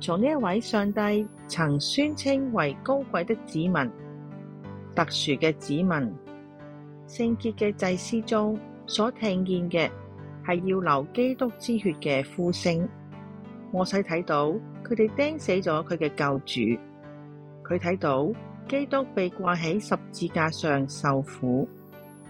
從呢一位上帝曾宣稱為高貴的子民、特殊嘅子民、聖潔嘅祭司中所聽見嘅，係要流基督之血嘅呼聲。摩西睇到佢哋釘死咗佢嘅救主，佢睇到基督被掛喺十字架上受苦。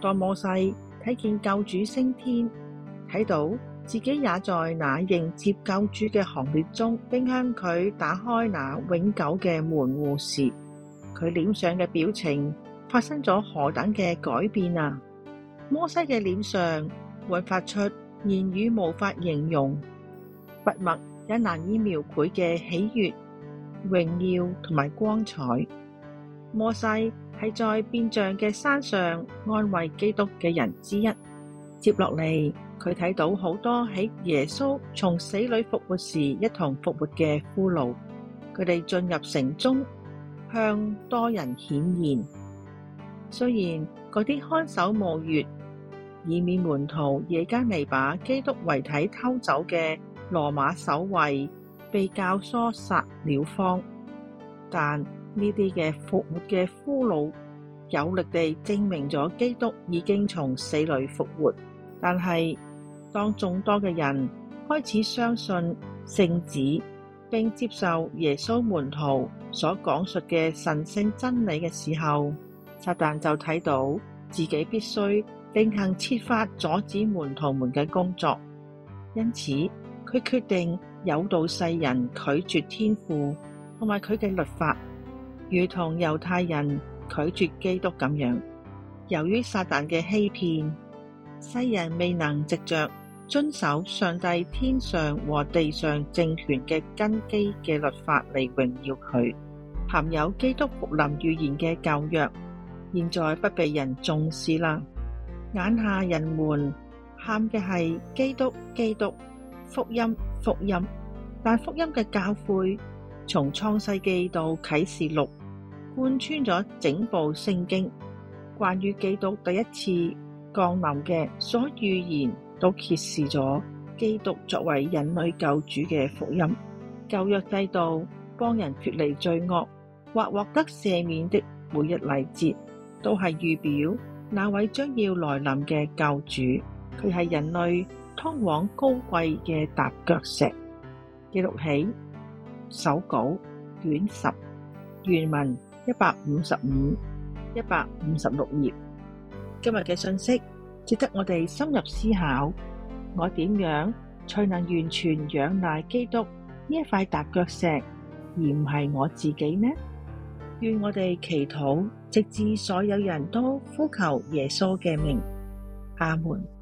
當摩西睇見救主升天，睇到。自己也在那迎接救主嘅行列中，並向佢打開那永久嘅門戶時，佢臉上嘅表情發生咗何等嘅改變啊！摩西嘅臉上煥發出言語無法形容、筆墨也難以描繪嘅喜悅、榮耀同埋光彩。摩西係在變像嘅山上安慰基督嘅人之一。接落嚟，佢睇到好多喺耶穌從死裡復活時一同復活嘅俘虜，佢哋進入城中向多人顯現。雖然嗰啲看守墓穴，以免門徒夜間嚟把基督遺體偷走嘅羅馬守衞被教唆殺了方，但呢啲嘅復活嘅俘虜有力地證明咗基督已經從死裏復活。但係當眾多嘅人開始相信聖子並接受耶穌門徒所講述嘅神聖真理嘅時候，撒旦就睇到自己必須另行設法阻止門徒們嘅工作，因此佢決定誘導世人拒絕天父同埋佢嘅律法，如同猶太人。拒絕基督咁樣。由於撒旦嘅欺騙，世人未能藉着遵守上帝天上和地上政權嘅根基嘅律法嚟榮耀佢。含有基督復臨預言嘅舊約，現在不被人重視啦。眼下人們喊嘅係基督基督，福音福音，但福音嘅教誨從創世記到啟示錄貫穿咗整部聖經，關於基督第一次降臨嘅所預言，都揭示咗基督作為人類救主嘅福音。舊約制度幫人脫離罪惡或獲得赦免的每一禮節，都係預表那位將要來臨嘅救主。佢係人類通往高貴嘅踏腳石。記錄起手稿卷十原文。一百五十五、一百五十六頁，今日嘅信息值得我哋深入思考。我點樣才能完全仰賴基督呢一塊踏腳石，而唔係我自己呢？願我哋祈禱，直至所有人都呼求耶穌嘅名。阿門。